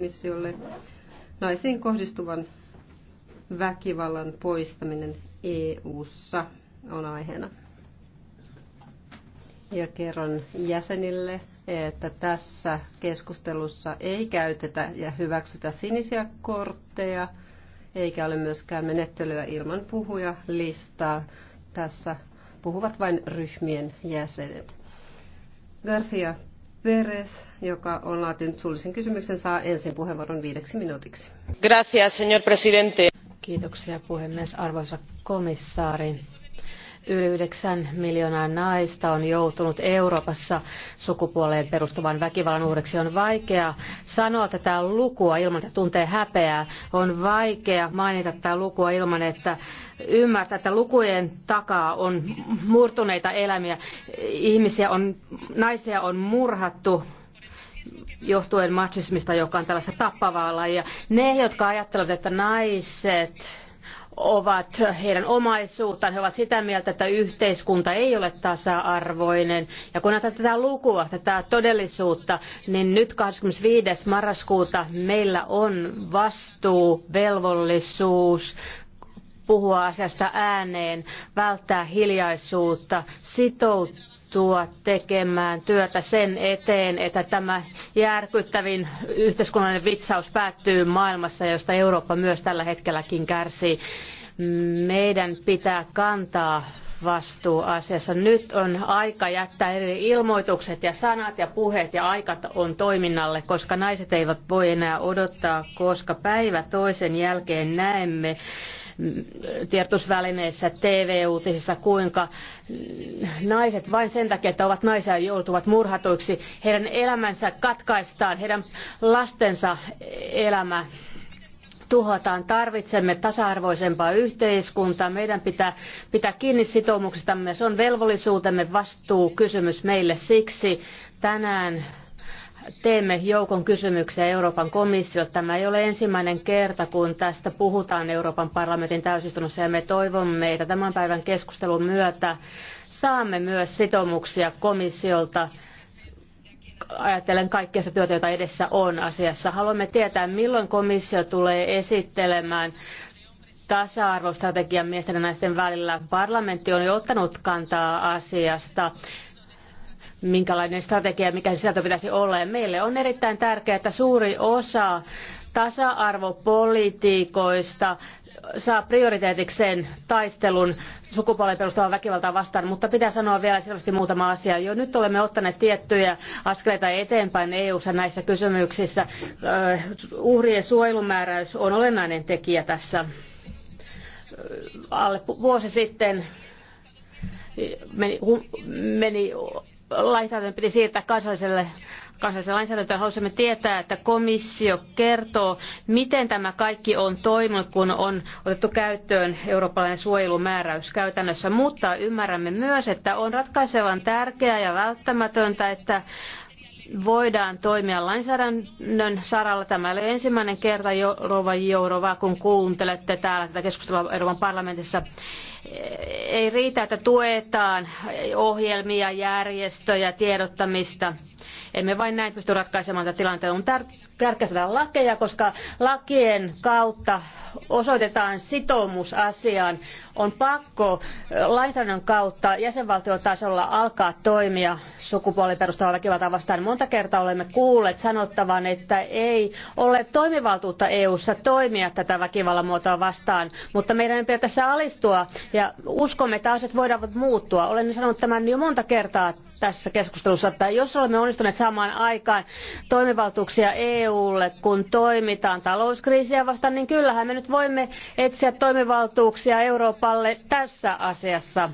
komissiolle naisiin kohdistuvan väkivallan poistaminen EU:ssa on aiheena. Ja kerron jäsenille, että tässä keskustelussa ei käytetä ja hyväksytä sinisiä kortteja, eikä ole myöskään menettelyä ilman puhuja listaa. Tässä puhuvat vain ryhmien jäsenet. Garcia Perez, joka on laatinut suullisen kysymyksen, saa ensin puheenvuoron viideksi minuutiksi. Gracias, señor presidente. Kiitoksia puhemies. Arvoisa komissaari, Yli 9 miljoonaa naista on joutunut Euroopassa sukupuoleen perustuvan väkivallan uhreksi. On vaikea sanoa tätä lukua ilman, että tuntee häpeää. On vaikea mainita tätä lukua ilman, että ymmärtää, että lukujen takaa on murtuneita elämiä. Ihmisiä on, naisia on murhattu johtuen machismista, joka on tällaista tappavaa lajia. Ne, jotka ajattelevat, että naiset ovat heidän omaisuuttaan. He ovat sitä mieltä, että yhteiskunta ei ole tasa-arvoinen. Ja kun ajatellaan tätä lukua, tätä todellisuutta, niin nyt 25. marraskuuta meillä on vastuu, velvollisuus puhua asiasta ääneen, välttää hiljaisuutta, sitoutua joutua tekemään työtä sen eteen, että tämä järkyttävin yhteiskunnallinen vitsaus päättyy maailmassa, josta Eurooppa myös tällä hetkelläkin kärsii. Meidän pitää kantaa vastuu asiassa. Nyt on aika jättää eri ilmoitukset ja sanat ja puheet ja aikat on toiminnalle, koska naiset eivät voi enää odottaa, koska päivä toisen jälkeen näemme tiedotusvälineissä, TV-uutisissa, kuinka naiset vain sen takia, että ovat naisia, joutuvat murhatuiksi. Heidän elämänsä katkaistaan, heidän lastensa elämä tuhotaan. Tarvitsemme tasa-arvoisempaa yhteiskuntaa. Meidän pitää pitää kiinni sitoumuksistamme. Se on velvollisuutemme vastuukysymys meille. Siksi tänään teemme joukon kysymyksiä Euroopan komissiolle. Tämä ei ole ensimmäinen kerta, kun tästä puhutaan Euroopan parlamentin täysistunnossa ja me toivomme, että tämän päivän keskustelun myötä saamme myös sitoumuksia komissiolta ajatellen kaikkea sitä työtä, jota edessä on asiassa. Haluamme tietää, milloin komissio tulee esittelemään tasa-arvostrategian miesten ja naisten välillä. Parlamentti on jo ottanut kantaa asiasta minkälainen strategia, mikä sisältö pitäisi olla. Ja meille on erittäin tärkeää, että suuri osa tasa-arvopolitiikoista saa prioriteetikseen taistelun sukupuolen perustavaa väkivaltaa vastaan, mutta pitää sanoa vielä selvästi muutama asia. Jo nyt olemme ottaneet tiettyjä askeleita eteenpäin EU-ssa näissä kysymyksissä. Uhrien suojelumääräys on olennainen tekijä tässä. Alle vuosi sitten meni, meni lainsäädäntö piti siirtää kansalliselle kansalliseen lainsäädäntöön. Haluaisimme tietää, että komissio kertoo, miten tämä kaikki on toiminut, kun on otettu käyttöön eurooppalainen suojelumääräys käytännössä. Mutta ymmärrämme myös, että on ratkaisevan tärkeää ja välttämätöntä, että voidaan toimia lainsäädännön saralla. Tämä oli ensimmäinen kerta, Rova Jourova, kun kuuntelette täällä tätä keskustelua Euroopan parlamentissa. Ei riitä, että tuetaan ohjelmia, järjestöjä, tiedottamista emme vain näin pysty ratkaisemaan tätä tilannetta. On tärkeää saada lakeja, koska lakien kautta osoitetaan sitoumus asiaan. On pakko lainsäädännön kautta jäsenvaltiotasolla alkaa toimia sukupuoliperustava väkivaltaa vastaan. Monta kertaa olemme kuulleet sanottavan, että ei ole toimivaltuutta EU-ssa toimia tätä väkivallan muotoa vastaan, mutta meidän ei pidä tässä alistua ja uskomme, että asiat voivat muuttua. Olen sanonut tämän jo monta kertaa tässä keskustelussa, että jos olemme onnistuneet saamaan aikaan toimivaltuuksia EUlle, kun toimitaan talouskriisiä vastaan, niin kyllähän me nyt voimme etsiä toimivaltuuksia Euroopalle tässä asiassa,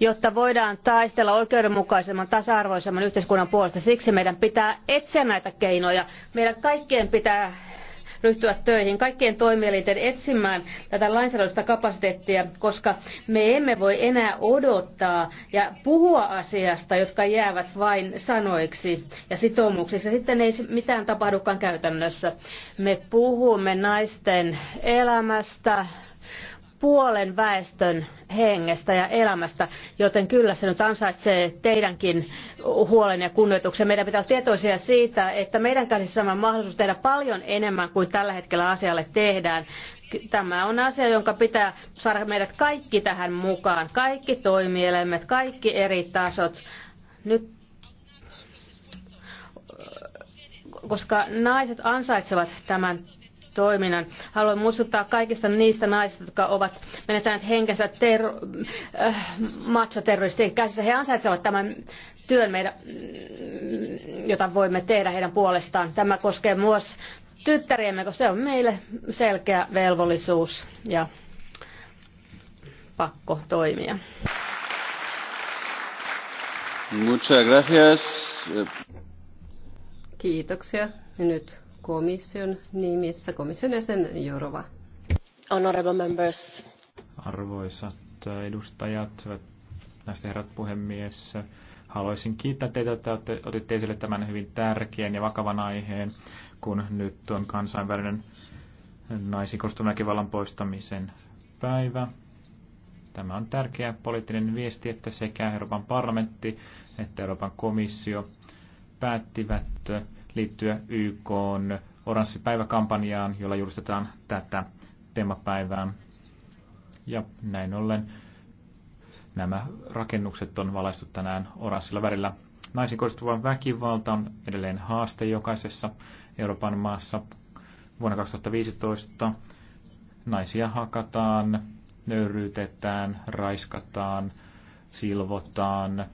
jotta voidaan taistella oikeudenmukaisemman, tasa-arvoisemman yhteiskunnan puolesta. Siksi meidän pitää etsiä näitä keinoja. Meidän kaikkien pitää ryhtyä töihin kaikkien toimielinten etsimään tätä lainsäädännöllistä kapasiteettia, koska me emme voi enää odottaa ja puhua asiasta, jotka jäävät vain sanoiksi ja sitoumuksiksi. Ja sitten ei mitään tapahdukaan käytännössä. Me puhumme naisten elämästä, puolen väestön hengestä ja elämästä, joten kyllä se nyt ansaitsee teidänkin huolen ja kunnioituksen. Meidän pitää olla tietoisia siitä, että meidän käsissämme on mahdollisuus tehdä paljon enemmän kuin tällä hetkellä asialle tehdään. Tämä on asia, jonka pitää saada meidät kaikki tähän mukaan, kaikki toimielimet, kaikki eri tasot. Nyt koska naiset ansaitsevat tämän toiminnan. Haluan muistuttaa kaikista niistä naisista, jotka ovat menettäneet henkensä ter- äh, matsaterroristien käsissä. He ansaitsevat tämän työn, meidän, mm, jota voimme tehdä heidän puolestaan. Tämä koskee myös tyttäriämme, koska se on meille selkeä velvollisuus ja pakko toimia. Muchas gracias. Kiitoksia. Ja nyt komission nimissä komission jäsen Jourova. Honorable members. Arvoisat edustajat, hyvät näistä herrat puhemies, haluaisin kiittää teitä, että otitte esille tämän hyvin tärkeän ja vakavan aiheen, kun nyt on kansainvälinen naisiin kohdistuvan väkivallan poistamisen päivä. Tämä on tärkeä poliittinen viesti, että sekä Euroopan parlamentti että Euroopan komissio päättivät liittyä YK oranssipäiväkampanjaan, jolla julistetaan tätä teemapäivää. Ja näin ollen nämä rakennukset on valaistu tänään oranssilla värillä. Naisiin kohdistuva väkivalta on edelleen haaste jokaisessa Euroopan maassa. Vuonna 2015 naisia hakataan, nöyryytetään, raiskataan, silvotaan,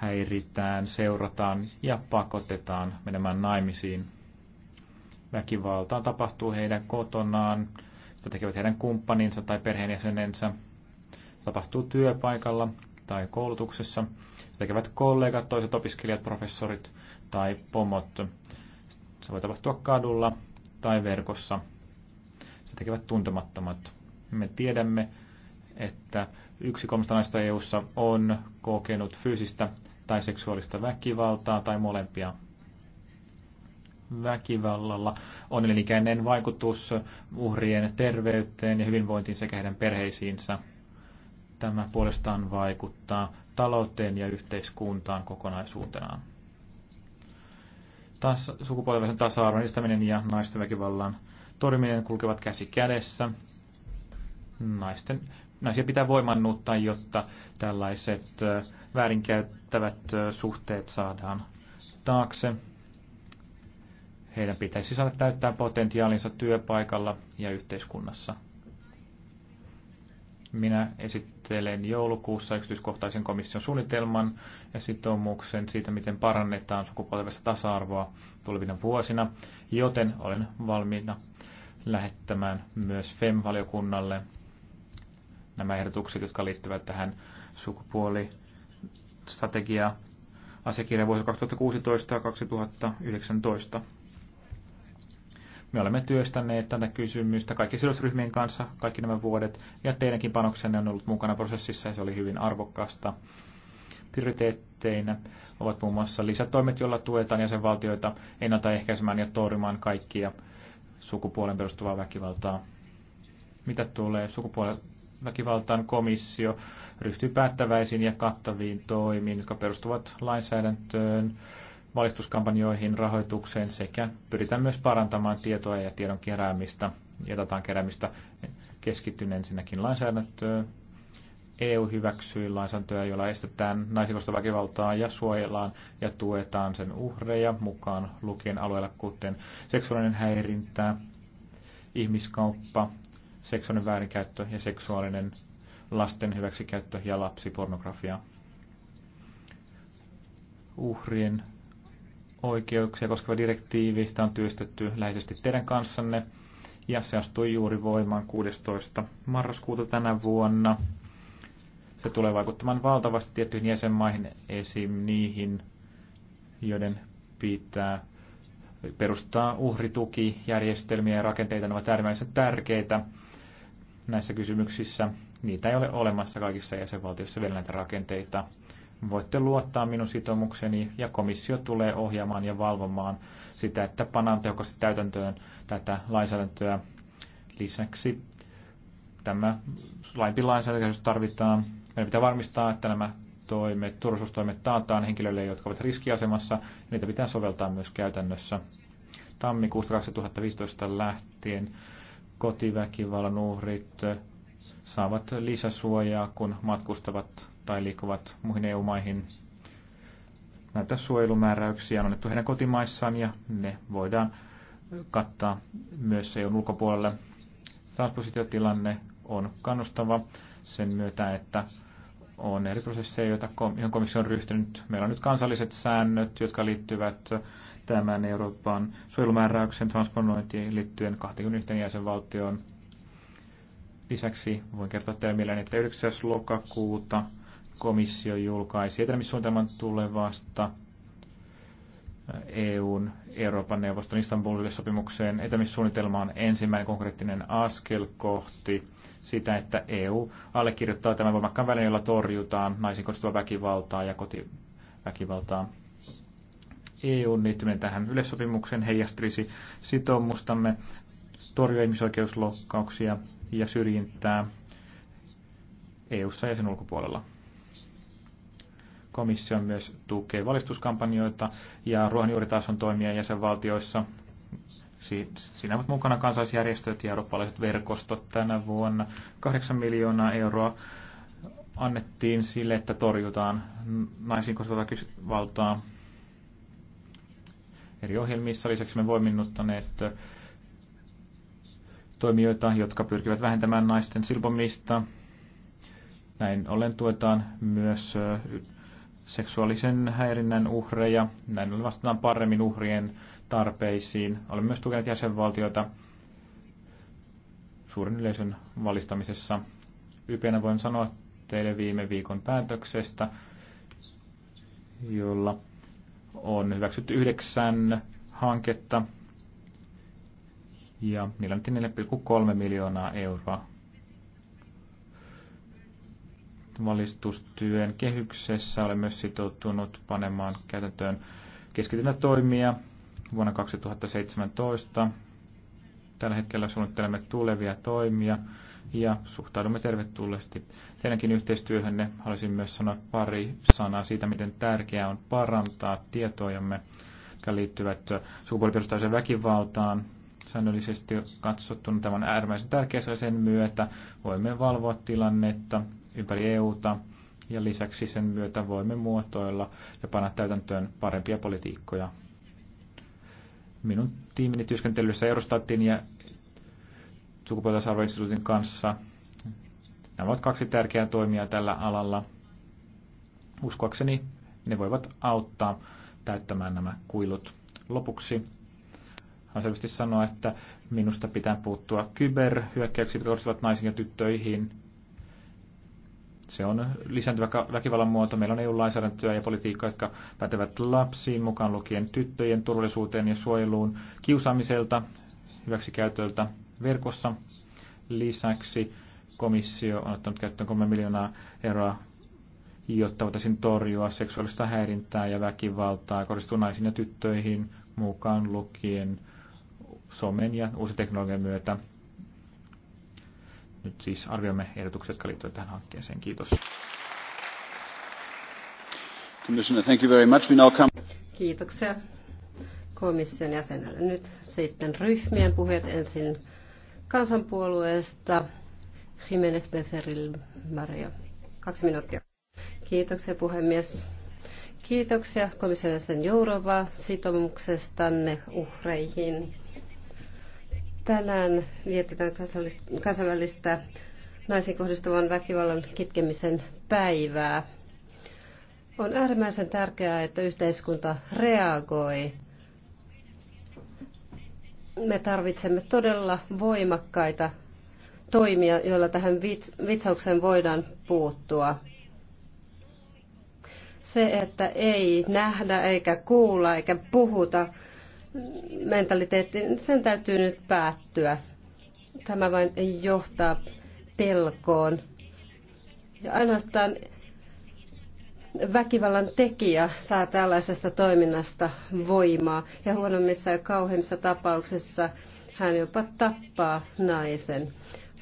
häiritään, seurataan ja pakotetaan menemään naimisiin. Väkivaltaa tapahtuu heidän kotonaan, sitä tekevät heidän kumppaninsa tai perheenjäsenensä. Se tapahtuu työpaikalla tai koulutuksessa. sitä tekevät kollegat, toiset opiskelijat, professorit tai pomot. Se voi tapahtua kadulla tai verkossa. sitä tekevät tuntemattomat. Me tiedämme, että Yksi kolmesta naista EU:ssa on kokenut fyysistä tai seksuaalista väkivaltaa tai molempia. Väkivallalla on elinikäinen vaikutus uhrien terveyteen ja hyvinvointiin sekä heidän perheisiinsä. Tämä puolestaan vaikuttaa talouteen ja yhteiskuntaan kokonaisuutenaan. Taas sukupuolivaisen tasa-arvon edistäminen ja naisten väkivallan torjuminen kulkevat käsi kädessä. Naisten naisia pitää voimannuttaa, jotta tällaiset väärinkäyttävät suhteet saadaan taakse. Heidän pitäisi saada täyttää potentiaalinsa työpaikalla ja yhteiskunnassa. Minä esittelen joulukuussa yksityiskohtaisen komission suunnitelman ja sitoumuksen siitä, miten parannetaan sukupolvesta tasa-arvoa tulevina vuosina, joten olen valmiina lähettämään myös FEM-valiokunnalle nämä ehdotukset, jotka liittyvät tähän sukupuolistrategiaan asiakirja vuosi 2016 ja 2019. Me olemme työstäneet tätä kysymystä kaikki sidosryhmien kanssa kaikki nämä vuodet, ja teidänkin panoksenne on ollut mukana prosessissa, ja se oli hyvin arvokasta. Prioriteetteina ovat muun muassa lisätoimet, joilla tuetaan jäsenvaltioita ennaltaehkäisemään ja torjumaan kaikkia sukupuolen perustuvaa väkivaltaa. Mitä tulee sukupuolen väkivaltaan komissio ryhtyy päättäväisiin ja kattaviin toimiin, jotka perustuvat lainsäädäntöön, valistuskampanjoihin, rahoitukseen sekä pyritään myös parantamaan tietoa ja tiedon keräämistä ja datan keräämistä keskittyneen ensinnäkin lainsäädäntöön. EU hyväksyi lainsäädäntöä, jolla estetään naisikosta väkivaltaa ja suojellaan ja tuetaan sen uhreja mukaan lukien alueella, kuten seksuaalinen häirintä, ihmiskauppa, seksuaalinen väärinkäyttö ja seksuaalinen lasten hyväksikäyttö ja lapsipornografia. Uhrien oikeuksia koskeva sitä on työstetty läheisesti teidän kanssanne ja se astui juuri voimaan 16. marraskuuta tänä vuonna. Se tulee vaikuttamaan valtavasti tiettyihin jäsenmaihin, esim. niihin, joiden pitää perustaa uhritukijärjestelmiä ja rakenteita. Ne ovat äärimmäisen tärkeitä näissä kysymyksissä. Niitä ei ole olemassa kaikissa jäsenvaltioissa vielä näitä rakenteita. Voitte luottaa minun sitoumukseni ja komissio tulee ohjaamaan ja valvomaan sitä, että pannaan tehokkaasti täytäntöön tätä lainsäädäntöä. Lisäksi tämä laimpi lainsäädäntö, tarvitaan, meidän pitää varmistaa, että nämä toimet, turvallisuustoimet taataan henkilöille, jotka ovat riskiasemassa, ja niitä pitää soveltaa myös käytännössä. Tammikuusta 2015 lähtien kotiväkivallan uhrit saavat lisäsuojaa, kun matkustavat tai liikkuvat muihin EU-maihin. Näitä suojelumääräyksiä on annettu heidän kotimaissaan ja ne voidaan kattaa myös EUn ulkopuolelle. Transpositiotilanne on kannustava sen myötä, että on eri prosesseja, joita komissio on ryhtynyt. Meillä on nyt kansalliset säännöt, jotka liittyvät tämän Euroopan suojelumääräyksen transponointiin liittyen 21 jäsenvaltioon. Lisäksi voin kertoa teille mieleen, että 9. lokakuuta komissio julkaisi etenemissuunnitelman tulevasta EUn Euroopan neuvoston Istanbulille sopimukseen. Etämissuunnitelma on ensimmäinen konkreettinen askel kohti sitä, että EU allekirjoittaa tämän voimakkaan välineen, jolla torjutaan naisiin kohdistuvaa väkivaltaa ja kotiväkivaltaa. EUn liittyminen tähän yleissopimukseen heijastelisi sitoumustamme torjua ihmisoikeusloukkauksia ja syrjintää EUssa ja sen ulkopuolella. Komissio myös tukee valistuskampanjoita ja ruohonjuuritason toimia jäsenvaltioissa. Siinä ovat mukana kansalaisjärjestöt ja eurooppalaiset verkostot tänä vuonna. 8 miljoonaa euroa annettiin sille, että torjutaan naisiin kohdistuvaa valtaa eri ohjelmissa. Lisäksi me voiminnuttaneet toimijoita, jotka pyrkivät vähentämään naisten silpomista. Näin ollen tuetaan myös seksuaalisen häirinnän uhreja. Näin ollen vastataan paremmin uhrien tarpeisiin. Olemme myös tukeneet jäsenvaltioita suuren yleisön valistamisessa. Ypenä voin sanoa teille viime viikon päätöksestä, jolla on hyväksytty yhdeksän hanketta ja niillä on 4,3 miljoonaa euroa valistustyön kehyksessä. Olen myös sitoutunut panemaan käytäntöön toimia vuonna 2017. Tällä hetkellä suunnittelemme tulevia toimia ja suhtaudumme tervetulleesti teidänkin yhteistyöhönne. Haluaisin myös sanoa pari sanaa siitä, miten tärkeää on parantaa tietojamme, jotka liittyvät sukupuoliperustaisen väkivaltaan. Säännöllisesti katsottuna tämän äärimmäisen tärkeä sen myötä voimme valvoa tilannetta ympäri EUta ja lisäksi sen myötä voimme muotoilla ja panna täytäntöön parempia politiikkoja. Minun tiimini työskentelyssä Eurostatin ja sukupuolitasa kanssa. Nämä ovat kaksi tärkeää toimia tällä alalla. Uskoakseni ne voivat auttaa täyttämään nämä kuilut. Lopuksi Haluan selvästi sanoa, että minusta pitää puuttua kyberhyökkäyksiin, jotka kohdistuvat naisiin ja tyttöihin. Se on lisääntyvä väkivallan muoto. Meillä on EU-lainsäädäntöä ja politiikkaa, jotka pätevät lapsiin, mukaan lukien tyttöjen turvallisuuteen ja suojeluun, kiusaamiselta, hyväksikäytöltä, verkossa. Lisäksi komissio on ottanut käyttöön 3 miljoonaa euroa, jotta voitaisiin torjua seksuaalista häirintää ja väkivaltaa kohdistuu naisiin ja tyttöihin mukaan lukien somen ja uusi teknologian myötä. Nyt siis arvioimme ehdotukset, jotka liittyvät tähän hankkeeseen. Kiitos. Kiitoksia komission jäsenelle. Nyt sitten ryhmien puheet ensin kansanpuolueesta Jimenez Beferil Maria. Kaksi minuuttia. Kiitoksia puhemies. Kiitoksia komission jäsen Jourova sitoumuksestanne uhreihin. Tänään vietetään kansainvälistä naisiin kohdistuvan väkivallan kitkemisen päivää. On äärimmäisen tärkeää, että yhteiskunta reagoi me tarvitsemme todella voimakkaita toimia, joilla tähän vitsaukseen voidaan puuttua. Se, että ei nähdä eikä kuulla eikä puhuta mentaliteettiin, sen täytyy nyt päättyä. Tämä vain johtaa pelkoon. Ja ainoastaan väkivallan tekijä saa tällaisesta toiminnasta voimaa ja huonommissa ja kauheimmissa tapauksissa hän jopa tappaa naisen.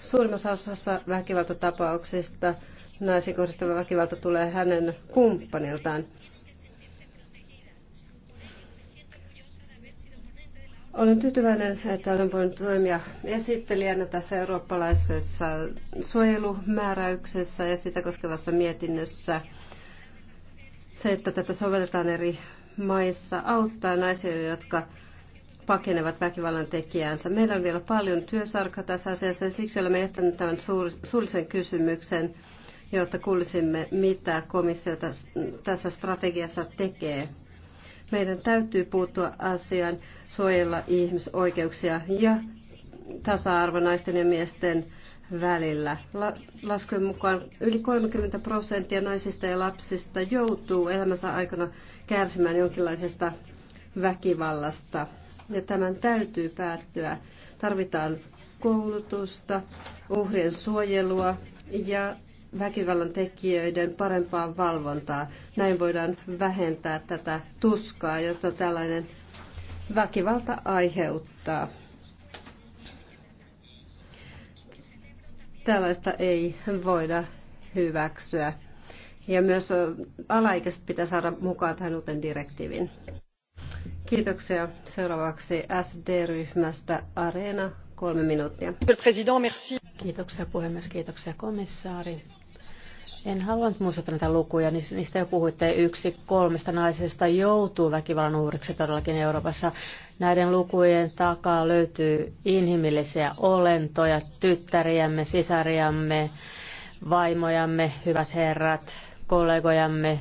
Suurimmassa osassa väkivaltatapauksista naisiin kohdistuva väkivalta tulee hänen kumppaniltaan. Olen tyytyväinen, että olen voinut toimia esittelijänä tässä eurooppalaisessa suojelumääräyksessä ja sitä koskevassa mietinnössä – se, että tätä sovelletaan eri maissa, auttaa naisia, jotka pakenevat väkivallan tekijäänsä. Meillä on vielä paljon työsarkaa tässä asiassa ja siksi olemme jättäneet tämän suullisen kysymyksen, jotta kuulisimme, mitä komissio tässä strategiassa tekee. Meidän täytyy puuttua asiaan, suojella ihmisoikeuksia ja tasa-arvo naisten ja miesten välillä. Laskujen mukaan yli 30 prosenttia naisista ja lapsista joutuu elämänsä aikana kärsimään jonkinlaisesta väkivallasta. Ja tämän täytyy päättyä. Tarvitaan koulutusta, uhrien suojelua ja väkivallan tekijöiden parempaa valvontaa. Näin voidaan vähentää tätä tuskaa, jota tällainen väkivalta aiheuttaa. Tällaista ei voida hyväksyä. Ja myös alaikäiset pitää saada mukaan tähän uuteen direktiivin. Kiitoksia. Seuraavaksi SD-ryhmästä Areena, kolme minuuttia. Kiitoksia puhemies, kiitoksia komissaari en halua nyt näitä lukuja, niin niistä jo puhuitte. Yksi kolmesta naisesta joutuu väkivallan uhriksi todellakin Euroopassa. Näiden lukujen takaa löytyy inhimillisiä olentoja, tyttäriämme, sisariamme, vaimojamme, hyvät herrat, kollegojamme,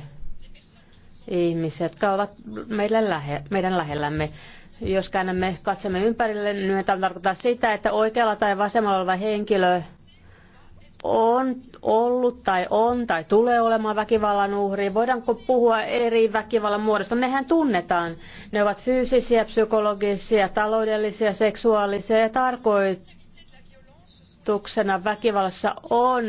ihmiset. jotka ovat meidän, lähe, meidän lähellämme. Jos käännämme katsemme ympärille, niin tämä tarkoittaa sitä, että oikealla tai vasemmalla oleva henkilö on ollut tai on tai tulee olemaan väkivallan uhri? Voidaanko puhua eri väkivallan muodosta? Nehän tunnetaan. Ne ovat fyysisiä, psykologisia, taloudellisia, seksuaalisia ja tarkoituksena väkivallassa on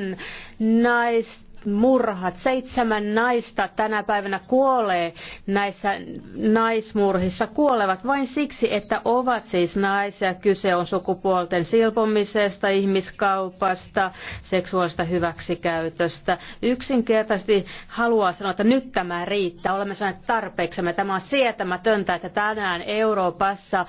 nais, murhat. Seitsemän naista tänä päivänä kuolee näissä naismurhissa. Kuolevat vain siksi, että ovat siis naisia. Kyse on sukupuolten silpomisesta, ihmiskaupasta, seksuaalista hyväksikäytöstä. Yksinkertaisesti haluaa sanoa, että nyt tämä riittää. Olemme saaneet tarpeeksemme. Tämä on sietämätöntä, että tänään Euroopassa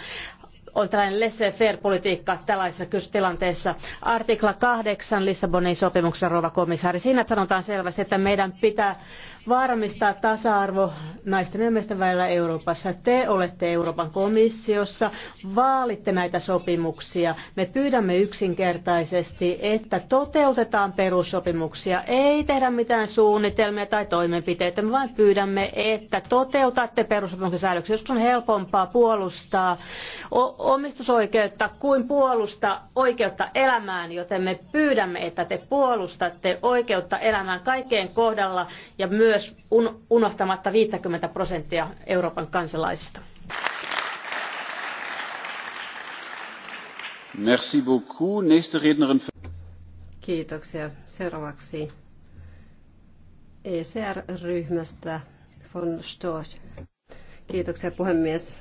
on tällainen laissez-faire-politiikka tällaisessa tilanteessa. Artikla 8 Lissabonin sopimuksessa, rouva komissaari, siinä sanotaan selvästi, että meidän pitää varmistaa tasa-arvo naisten ja miesten välillä Euroopassa. Te olette Euroopan komissiossa, vaalitte näitä sopimuksia. Me pyydämme yksinkertaisesti, että toteutetaan perussopimuksia. Ei tehdä mitään suunnitelmia tai toimenpiteitä, me vain pyydämme, että toteutatte perussopimuksen säädöksiä. Joskus on helpompaa puolustaa omistusoikeutta kuin puolustaa oikeutta elämään, joten me pyydämme, että te puolustatte oikeutta elämään kaikkeen kohdalla ja myös myös unohtamatta 50 prosenttia Euroopan kansalaisista. Merci beaucoup. Nächste Rednerin. Kiitoksia. Seuraavaksi ECR-ryhmästä von Storch. Kiitoksia puhemies.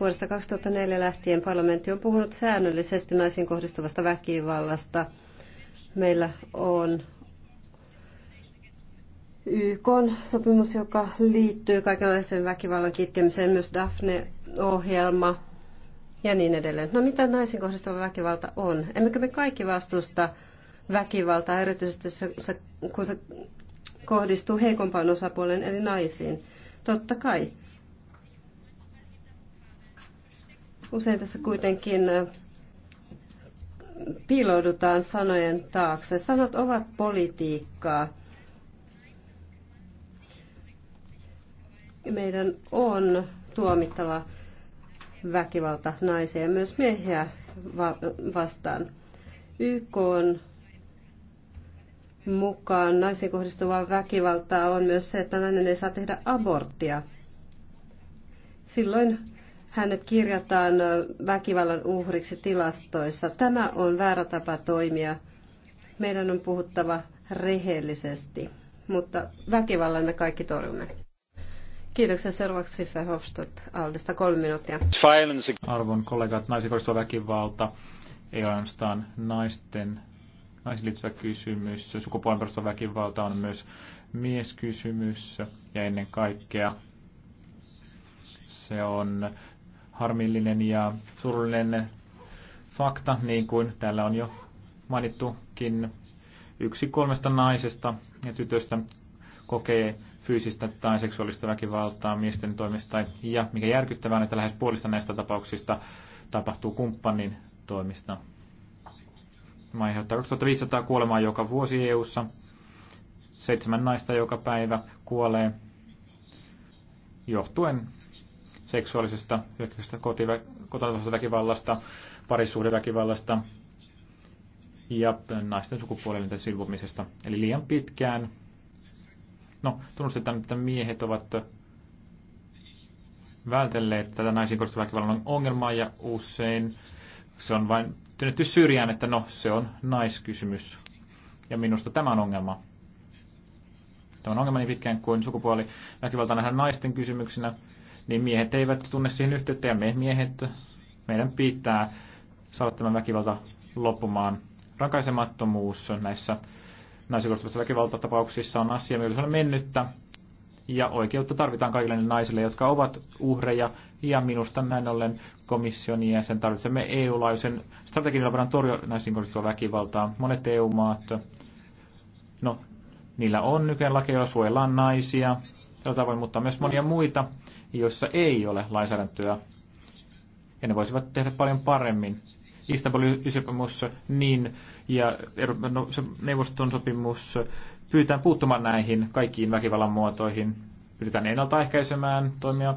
Vuodesta 2004 lähtien parlamentti on puhunut säännöllisesti naisiin kohdistuvasta väkivallasta. Meillä on YK-sopimus, joka liittyy kaikenlaiseen väkivallan kitkemiseen, myös Daphne-ohjelma ja niin edelleen. No mitä naisiin kohdistuva väkivalta on? Emmekö me kaikki vastusta väkivaltaa, erityisesti se, se, kun se kohdistuu heikompaan osapuoleen, eli naisiin? Totta kai. Usein tässä kuitenkin piiloudutaan sanojen taakse. Sanat ovat politiikkaa meidän on tuomittava väkivalta naisia ja myös miehiä vastaan. YK on mukaan naisiin kohdistuvaa väkivaltaa on myös se, että nainen ei saa tehdä aborttia. Silloin hänet kirjataan väkivallan uhriksi tilastoissa. Tämä on väärä tapa toimia. Meidän on puhuttava rehellisesti, mutta väkivallan me kaikki torjumme. Kiitoksia seuraavaksi Verhofstadt Aldesta kolme minuuttia. Arvon kollegat, naisiin kohdistuva väkivalta ei ole ainoastaan naisten, naisiin liittyvä kysymys. Sukupuolen perustuva väkivalta on myös mieskysymys ja ennen kaikkea se on harmillinen ja surullinen fakta, niin kuin täällä on jo mainittukin. Yksi kolmesta naisesta ja tytöstä kokee fyysistä tai seksuaalista väkivaltaa miesten toimesta. Ja mikä järkyttävää, että lähes puolista näistä tapauksista tapahtuu kumppanin toimista. Tämä aiheuttaa 2500 kuolemaa joka vuosi EU:ssa. Seitsemän naista joka päivä kuolee johtuen seksuaalisesta hyökkäyksestä, kotiväkivallasta, väkivallasta, parisuhdeväkivallasta ja naisten sukupuolinen silvomisesta. Eli liian pitkään No, tunnustetaan, että miehet ovat vältelleet tätä naisiin kohdistuvan väkivallan ongelmaa ja usein se on vain työnnetty syrjään, että no, se on naiskysymys. Ja minusta tämä on ongelma. Tämä on ongelma niin pitkään kuin sukupuoli, väkivalta nähdään naisten kysymyksinä, niin miehet eivät tunne siihen yhteyttä ja me miehet, meidän pitää saada tämä väkivalta loppumaan. Rakaisemattomuus näissä naisia väkivaltatapauksissa on asia, millä on mennyttä. Ja oikeutta tarvitaan kaikille naisille, jotka ovat uhreja. Ja minusta näin ollen komission jäsen tarvitsemme EU-laajuisen strategian, jolla voidaan torjua naisiin kohdistuvaa väkivaltaa. Monet EU-maat, no niillä on nykyään laki, jolla suojellaan naisia tällä tavoin, mutta myös monia muita, joissa ei ole lainsäädäntöä. Ja ne voisivat tehdä paljon paremmin. Istanbulin sopimus niin, ja neuvoston sopimus pyytää puuttumaan näihin kaikkiin väkivallan muotoihin. Pyritään ennaltaehkäisemään toimia,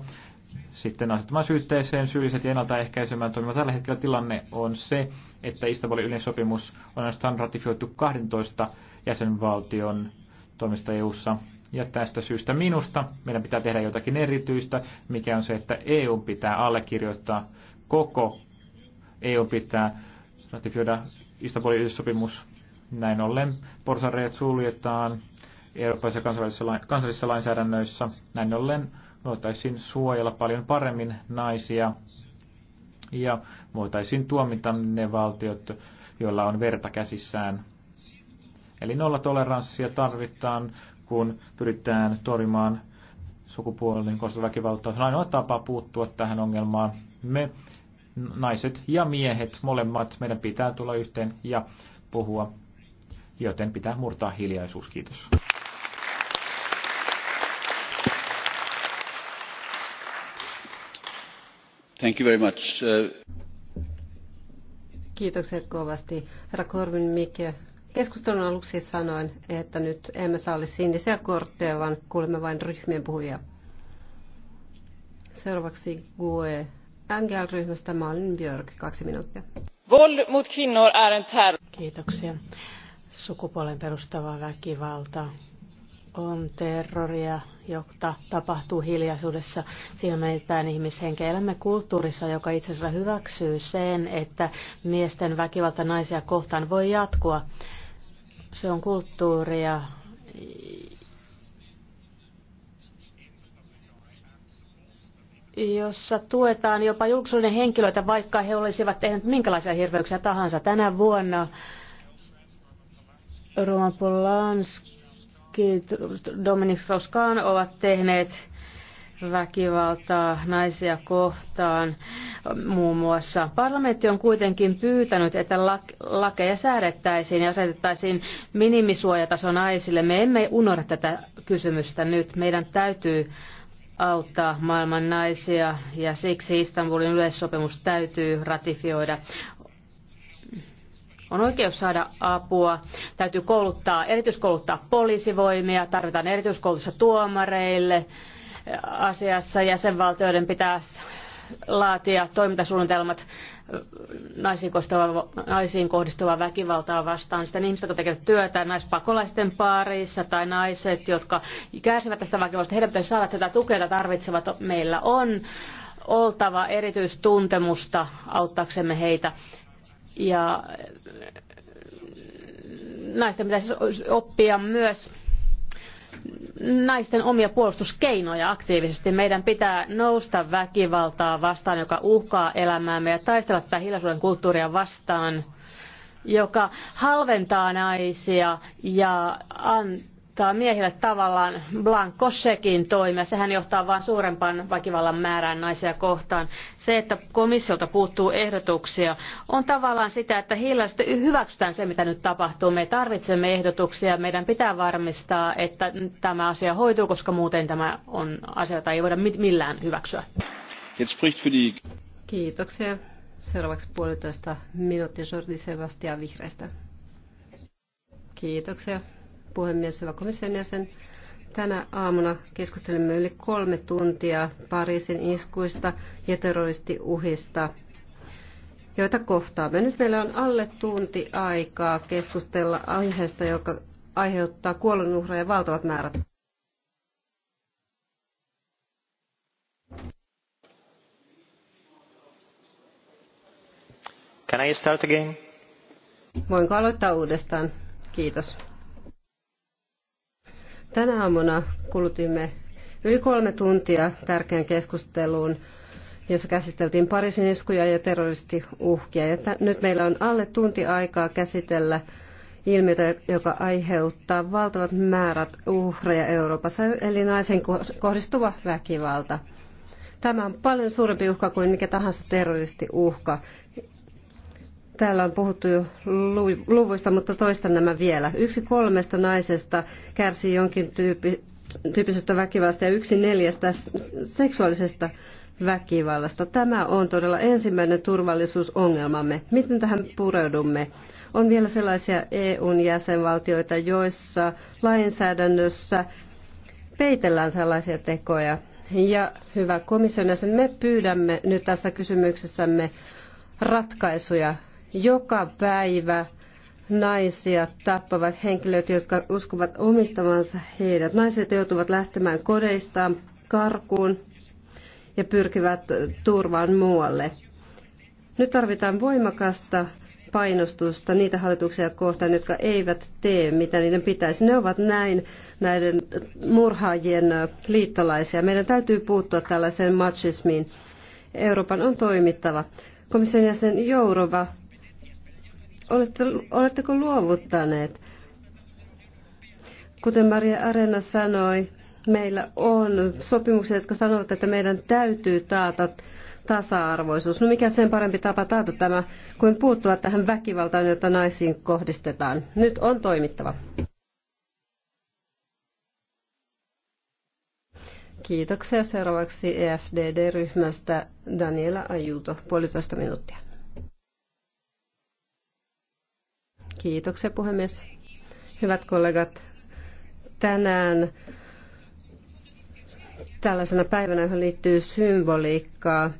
sitten asettamaan syytteeseen syylliset ja ennaltaehkäisemään toimia. Tällä hetkellä tilanne on se, että Istanbulin yleissopimus on ainoastaan ratifioitu 12 jäsenvaltion toimista EU:ssa. Ja tästä syystä minusta meidän pitää tehdä jotakin erityistä, mikä on se, että EU pitää allekirjoittaa koko EU pitää ratifioida Istanbulin sopimus näin ollen. Porsareet suljetaan eurooppalaisissa kansallisissa, kansallisissa lainsäädännöissä. Näin ollen voitaisiin suojella paljon paremmin naisia ja voitaisiin tuomita ne valtiot, joilla on verta käsissään. Eli nollatoleranssia tarvitaan, kun pyritään torjumaan sukupuolinen kohdistuvaa väkivaltaa. Se on ainoa tapa puuttua tähän ongelmaan. Me naiset ja miehet, molemmat, meidän pitää tulla yhteen ja puhua, joten pitää murtaa hiljaisuus. Kiitos. Thank you very much. Uh, Kiitokset kovasti. Herra Korvin Mikke, keskustelun aluksi sanoin, että nyt emme saa sinisiä kortteja, vaan kuulemme vain ryhmien puhujia. Seuraavaksi GUE NGL-ryhmästä Malin Björk, kaksi minuuttia. Våld mot kvinnor är en terror. Kiitoksia. Sukupuolen perustava väkivalta on terroria, jota tapahtuu hiljaisuudessa. Siinä menetään Elämme kulttuurissa, joka itse asiassa hyväksyy sen, että miesten väkivalta naisia kohtaan voi jatkua. Se on kulttuuria, jossa tuetaan jopa julkisuuden henkilöitä, vaikka he olisivat tehneet minkälaisia hirveyksiä tahansa. Tänä vuonna Roman Polanski, Dominik strauss ovat tehneet väkivaltaa naisia kohtaan muun muassa. Parlamentti on kuitenkin pyytänyt, että lakeja säädettäisiin ja asetettaisiin minimisuojataso naisille. Me emme unohda tätä kysymystä nyt. Meidän täytyy auttaa maailman naisia ja siksi Istanbulin yleissopimus täytyy ratifioida. On oikeus saada apua, täytyy kouluttaa, erityiskouluttaa poliisivoimia, tarvitaan erityiskoulutusta tuomareille asiassa. Jäsenvaltioiden pitää laatia toimintasuunnitelmat naisiin kohdistuvaa, naisiin väkivaltaa vastaan. sitä ihmistä jotka tekevät työtä naispakolaisten parissa tai naiset, jotka kärsivät tästä väkivallasta, heidän pitäisi saada tätä tukea, jota tarvitsevat. Meillä on oltava erityistuntemusta auttaaksemme heitä. Ja naisten pitäisi oppia myös naisten omia puolustuskeinoja aktiivisesti. Meidän pitää nousta väkivaltaa vastaan, joka uhkaa elämäämme ja taistella tätä hiljaisuuden kulttuuria vastaan, joka halventaa naisia ja antaa antaa miehille tavallaan blankosekin toimia. Sehän johtaa vain suurempaan väkivallan määrään naisia kohtaan. Se, että komissiolta puuttuu ehdotuksia, on tavallaan sitä, että hiljaisesti hyväksytään se, mitä nyt tapahtuu. Me tarvitsemme ehdotuksia. Meidän pitää varmistaa, että tämä asia hoituu, koska muuten tämä on asia, jota ei voida millään hyväksyä. Kiitoksia. Seuraavaksi puolitoista minuuttia Jordi Sebastian vihreistä. Kiitoksia puhemies, hyvä komission jäsen. Tänä aamuna keskustelimme yli kolme tuntia Pariisin iskuista ja terroristiuhista, joita kohtaamme. Nyt meillä on alle tunti aikaa keskustella aiheesta, joka aiheuttaa kuolonuhreja valtavat määrät. Can I start again? Voinko aloittaa uudestaan? Kiitos. Tänä aamuna kulutimme yli kolme tuntia tärkeän keskusteluun, jossa käsiteltiin Pariisin iskuja ja terroristiuhkia. Ja nyt meillä on alle tunti aikaa käsitellä ilmiötä, joka aiheuttaa valtavat määrät uhreja Euroopassa, eli naisen kohdistuva väkivalta. Tämä on paljon suurempi uhka kuin mikä tahansa terroristiuhka. Täällä on puhuttu jo luvuista, mutta toistan nämä vielä. Yksi kolmesta naisesta kärsii jonkin tyyppi, tyyppisestä väkivallasta ja yksi neljästä seksuaalisesta väkivallasta. Tämä on todella ensimmäinen turvallisuusongelmamme. Miten tähän pureudumme? On vielä sellaisia EUn jäsenvaltioita, joissa lainsäädännössä peitellään sellaisia tekoja. Ja hyvä komission jäsen, me pyydämme nyt tässä kysymyksessämme ratkaisuja joka päivä naisia tappavat henkilöt, jotka uskovat omistavansa heidät. Naiset joutuvat lähtemään kodeistaan karkuun ja pyrkivät turvaan muualle. Nyt tarvitaan voimakasta painostusta niitä hallituksia kohtaan, jotka eivät tee, mitä niiden pitäisi. Ne ovat näin näiden murhaajien liittolaisia. Meidän täytyy puuttua tällaiseen machismiin. Euroopan on toimittava. Komission jäsen Jourova Olette, oletteko luovuttaneet? Kuten Maria Arena sanoi, meillä on sopimuksia, jotka sanovat, että meidän täytyy taata tasa-arvoisuus. No mikä sen parempi tapa taata tämä kuin puuttua tähän väkivaltaan, jota naisiin kohdistetaan. Nyt on toimittava. Kiitoksia. Seuraavaksi EFDD-ryhmästä Daniela Ajuto, puolitoista minuuttia. Kiitoksia puhemies. Hyvät kollegat, tänään tällaisena päivänä, johon liittyy symboliikkaa,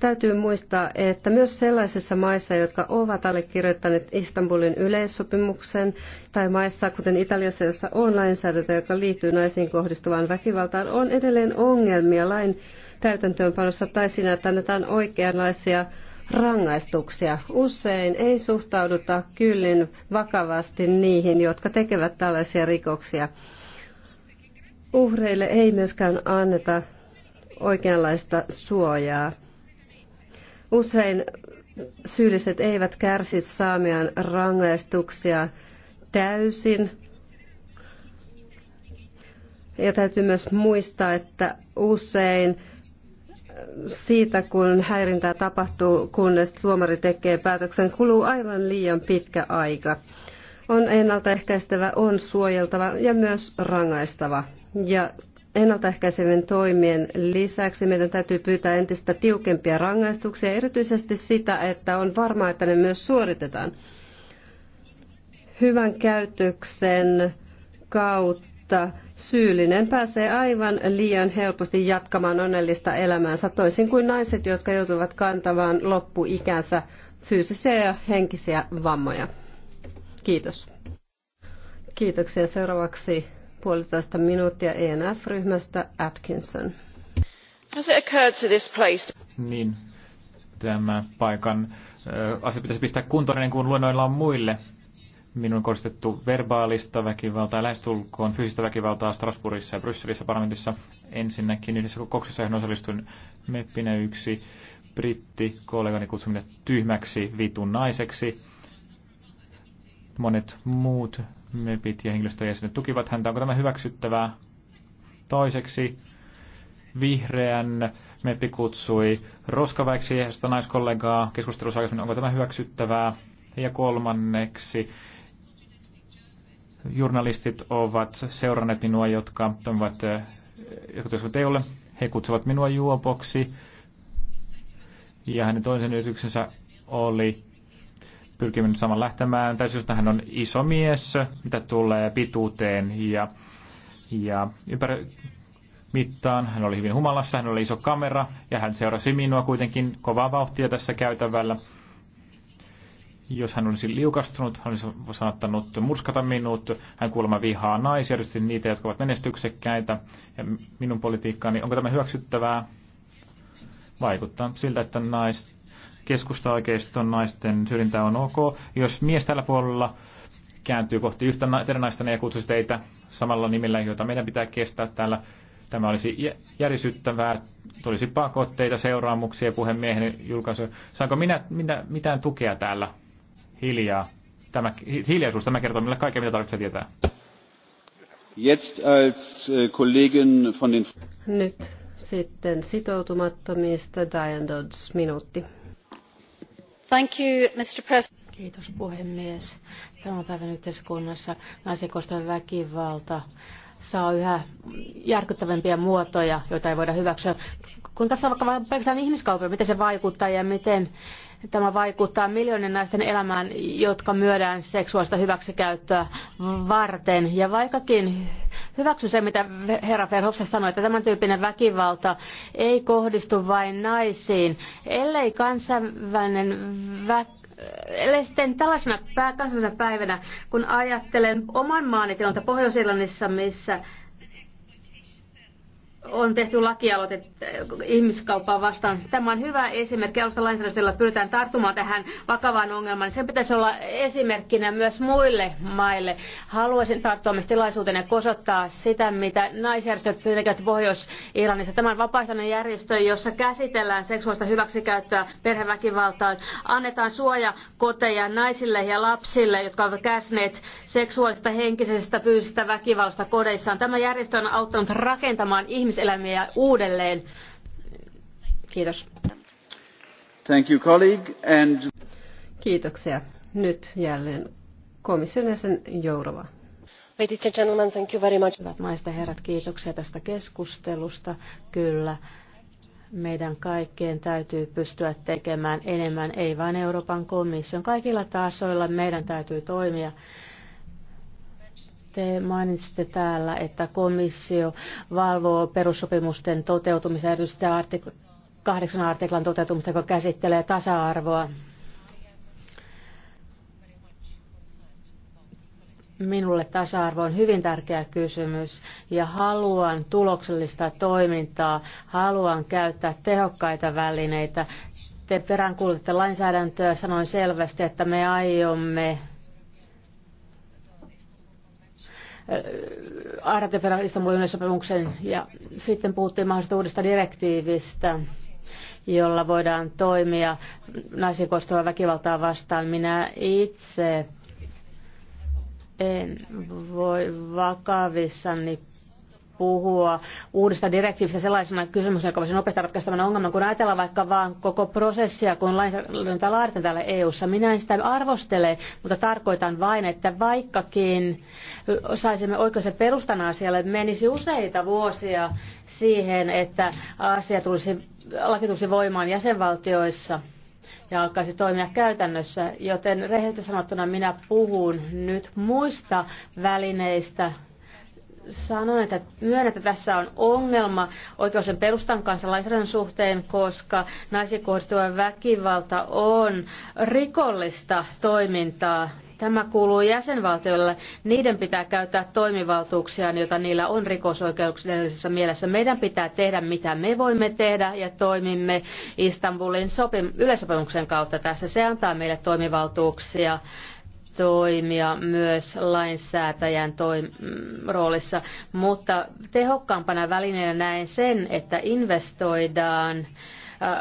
täytyy muistaa, että myös sellaisissa maissa, jotka ovat allekirjoittaneet Istanbulin yleissopimuksen, tai maissa, kuten Italiassa, jossa on lainsäädäntö, joka liittyy naisiin kohdistuvaan väkivaltaan, on edelleen ongelmia lain täytäntöönpanossa tai siinä, että annetaan oikeanlaisia rangaistuksia. Usein ei suhtauduta kyllin vakavasti niihin, jotka tekevät tällaisia rikoksia. Uhreille ei myöskään anneta oikeanlaista suojaa. Usein syylliset eivät kärsi saamiaan rangaistuksia täysin. Ja täytyy myös muistaa, että usein siitä, kun häirintää tapahtuu, kunnes tuomari tekee päätöksen, kuluu aivan liian pitkä aika. On ennaltaehkäistävä, on suojeltava ja myös rangaistava. Ja ennaltaehkäisevien toimien lisäksi meidän täytyy pyytää entistä tiukempia rangaistuksia, erityisesti sitä, että on varmaa, että ne myös suoritetaan. Hyvän käytöksen kautta Syyllinen pääsee aivan liian helposti jatkamaan onnellista elämäänsä, toisin kuin naiset, jotka joutuvat kantamaan loppuikänsä fyysisiä ja henkisiä vammoja. Kiitos. Kiitoksia. Seuraavaksi puolitoista minuuttia ENF-ryhmästä Atkinson. Has it occurred to this place? Niin, tämä paikan asia pitäisi pistää kuntoon ennen kuin luennoillaan muille minun kohdistettu verbaalista väkivaltaa, lähestulkoon fyysistä väkivaltaa Strasbourgissa ja Brysselissä parlamentissa. Ensinnäkin yhdessä kokouksessa, johon osallistuin meppinä yksi britti kollegani kutsuminen tyhmäksi vitun naiseksi. Monet muut mepit ja henkilöstöjäsenet tukivat häntä. Onko tämä hyväksyttävää? Toiseksi vihreän meppi kutsui roskaväiksi naiskollegaa keskustelussa aikaisemmin. Onko tämä hyväksyttävää? Ja kolmanneksi Journalistit ovat seuranneet minua, jotka toimivat, eh, jotka toimivat He kutsuvat minua juopoksi. Ja hänen toisen yrityksensä oli pyrkiminen saman lähtemään. Täysin hän on iso mies, mitä tulee pituuteen ja, ja ympäri mittaan. Hän oli hyvin humalassa, hän oli iso kamera ja hän seurasi minua kuitenkin kovaa vauhtia tässä käytävällä. Jos hän olisi liukastunut, hän olisi saattanut murskata minut. Hän kuulemma vihaa naisia, erityisesti niitä, jotka ovat menestyksekkäitä. Ja minun politiikkaani, onko tämä hyväksyttävää? Vaikuttaa siltä, että nais, keskusta-oikeiston naisten syrjintä on ok. Jos mies tällä puolella kääntyy kohti yhtä teidän naista ja kutsuisi teitä samalla nimellä, jota meidän pitää kestää täällä. Tämä olisi järisyttävää, tulisi pakotteita, seuraamuksia puhemiehen julkaisu. Saanko minä, minä mitään tukea täällä hiljaa. Tämä, hiljaisuus, tämä kertoo meille kaiken, mitä tarvitsee tietää. Jetzt als äh, Kollegin von den... Nyt sitten sitoutumattomista Diane Dodds minuutti. Thank you, Mr. President. Kiitos puhemies. Tämän päivän yhteiskunnassa naisen väkivalta saa yhä järkyttävämpiä muotoja, joita ei voida hyväksyä. Kun tässä on vaikka pelkästään ihmiskaupia, miten se vaikuttaa ja miten Tämä vaikuttaa miljoonien naisten elämään, jotka myödään seksuaalista hyväksikäyttöä varten. Ja vaikkakin hyväksy se, mitä herra Verhofsen sanoi, että tämän tyyppinen väkivalta ei kohdistu vain naisiin, ellei kansainvälinen väk- Eli sitten tällaisena pää, päivänä, kun ajattelen oman maani tilannetta Pohjois-Irlannissa, missä on tehty lakialoite eh, ihmiskauppaa vastaan. Tämä on hyvä esimerkki alusta lainsäädännöstä, jolla pyritään tarttumaan tähän vakavaan ongelmaan. Sen pitäisi olla esimerkkinä myös muille maille. Haluaisin tarttua myös tilaisuuteen ja kosottaa sitä, mitä naisjärjestöt tekevät Pohjois-Iranissa. Tämä on vapaaehtoinen järjestö, jossa käsitellään seksuaalista hyväksikäyttöä, perheväkivaltaa. Annetaan suoja koteja naisille ja lapsille, jotka ovat käsneet seksuaalista, henkisestä, fyysisestä väkivallasta kodeissaan. Tämä järjestö on auttanut rakentamaan ihmisiä ihmiselämiä uudelleen. Kiitos. Thank you, colleague. And... Kiitoksia. Nyt jälleen komission jäsen Jourova. Ladies and gentlemen, thank you very much. Hyvät maista herrat, kiitoksia tästä keskustelusta. Kyllä, meidän kaikkien täytyy pystyä tekemään enemmän, ei vain Euroopan komission. Kaikilla tasoilla meidän täytyy toimia te mainitsitte täällä, että komissio valvoo perussopimusten toteutumista, erityisesti artik- kahdeksan artiklan toteutumista, joka käsittelee tasa-arvoa. Minulle tasa-arvo on hyvin tärkeä kysymys ja haluan tuloksellista toimintaa, haluan käyttää tehokkaita välineitä. Te peräänkuulutte lainsäädäntöä, sanoin selvästi, että me aiomme Äh, ratifioida Istanbulin sopimuksen ja sitten puhuttiin mahdollisesta uudesta direktiivistä jolla voidaan toimia naisiin koostuvaa väkivaltaa vastaan. Minä itse en voi vakavissani puhua uudesta direktiivistä sellaisena kysymyksenä, joka voisi nopeasti ratkaista tämän ongelman, kun ajatellaan vaikka vaan koko prosessia, kun lainsäädäntöä laaditaan täällä EU-ssa. Minä en sitä arvostele, mutta tarkoitan vain, että vaikkakin saisimme oikeus perustan asialle, menisi useita vuosia siihen, että asia tulisi, laki tulisi voimaan jäsenvaltioissa ja alkaisi toimia käytännössä, joten rehellisesti sanottuna minä puhun nyt muista välineistä, sanon, että myönnän, että tässä on ongelma oikeuden perustan kanssa lainsäädännön suhteen, koska naisiin kohdistuva väkivalta on rikollista toimintaa. Tämä kuuluu jäsenvaltioille. Niiden pitää käyttää toimivaltuuksia, joita niillä on rikosoikeuksellisessa mielessä. Meidän pitää tehdä, mitä me voimme tehdä, ja toimimme Istanbulin sopim- yleisopimuksen kautta tässä. Se antaa meille toimivaltuuksia toimia myös lainsäätäjän toim- mm, roolissa, mutta tehokkaampana välineenä näen sen, että investoidaan äh,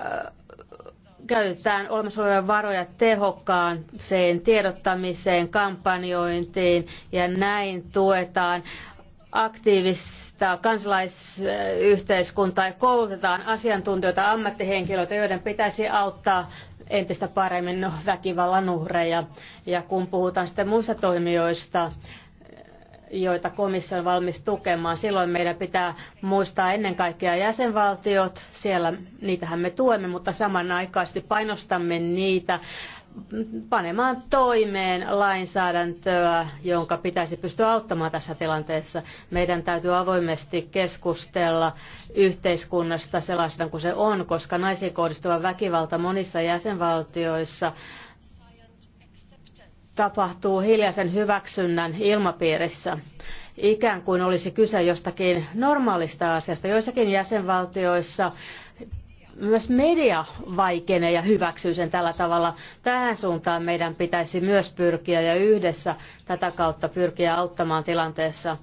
käytetään olemassa olevia varoja tehokkaaseen tiedottamiseen, kampanjointiin ja näin tuetaan aktiivista kansalaisyhteiskuntaa ja koulutetaan asiantuntijoita, ammattihenkilöitä, joiden pitäisi auttaa entistä paremmin no, väkivallan uhreja. Ja kun puhutaan sitten muista toimijoista, joita komissio on valmis tukemaan. Silloin meidän pitää muistaa ennen kaikkea jäsenvaltiot, siellä niitähän me tuemme, mutta samanaikaisesti painostamme niitä panemaan toimeen lainsäädäntöä, jonka pitäisi pystyä auttamaan tässä tilanteessa. Meidän täytyy avoimesti keskustella yhteiskunnasta sellaisena kuin se on, koska naisiin kohdistuva väkivalta monissa jäsenvaltioissa tapahtuu hiljaisen hyväksynnän ilmapiirissä ikään kuin olisi kyse jostakin normaalista asiasta. Joissakin jäsenvaltioissa myös media vaikenee ja hyväksyy sen tällä tavalla. Tähän suuntaan meidän pitäisi myös pyrkiä ja yhdessä tätä kautta pyrkiä auttamaan tilanteessa.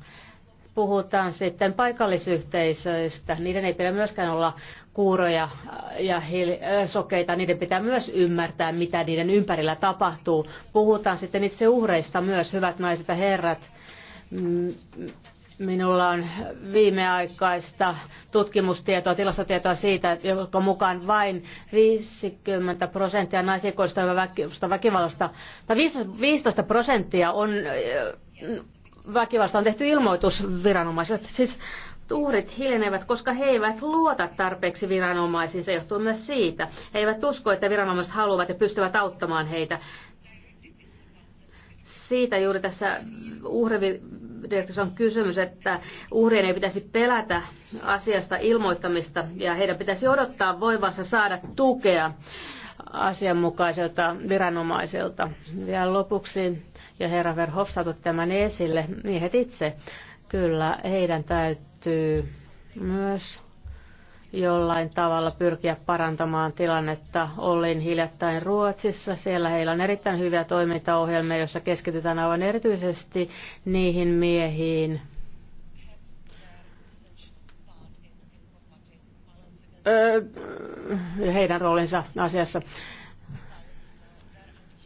Puhutaan sitten paikallisyhteisöistä. Niiden ei pidä myöskään olla kuuroja äh, ja sokeita. Niiden pitää myös ymmärtää, mitä niiden ympärillä tapahtuu. Puhutaan sitten itse uhreista myös, hyvät naiset ja herrat mm, Minulla on viimeaikaista tutkimustietoa, tilastotietoa siitä, jonka mukaan vain 50 prosenttia naisikoista väkivallasta, tai 15 prosenttia on äh, väkivallasta on tehty ilmoitus viranomaisille. Siis uhrit hiljenevät, koska he eivät luota tarpeeksi viranomaisiin. Se johtuu myös siitä. He eivät usko, että viranomaiset haluavat ja pystyvät auttamaan heitä siitä juuri tässä uhridirektiivissä on kysymys, että uhrien ei pitäisi pelätä asiasta ilmoittamista ja heidän pitäisi odottaa voivansa saada tukea asianmukaiselta viranomaiselta. Vielä lopuksi, ja herra Verhofstadt saatu tämän esille, miehet itse, kyllä heidän täytyy myös jollain tavalla pyrkiä parantamaan tilannetta. Olin hiljattain Ruotsissa. Siellä heillä on erittäin hyviä toimintaohjelmia, joissa keskitytään aivan erityisesti niihin miehiin, heidän roolinsa asiassa.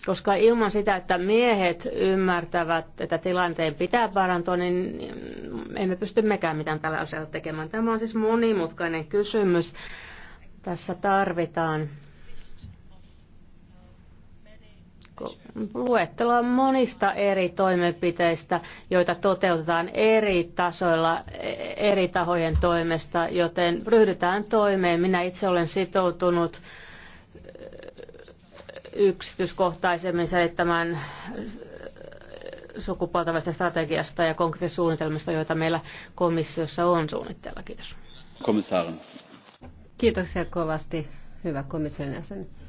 Koska ilman sitä, että miehet ymmärtävät, että tilanteen pitää parantua, niin emme pysty mekään mitään tällä asialla tekemään. Tämä on siis monimutkainen kysymys. Tässä tarvitaan luettelua monista eri toimenpiteistä, joita toteutetaan eri tasoilla e- eri tahojen toimesta, joten ryhdytään toimeen. Minä itse olen sitoutunut e- yksityiskohtaisemmin selittämään sukupuolta välistä strategiasta ja konkreettisesta suunnitelmista, joita meillä komissiossa on suunnitteilla. Kiitos. Komissaarin. Kiitoksia kovasti, hyvä komission jäsen.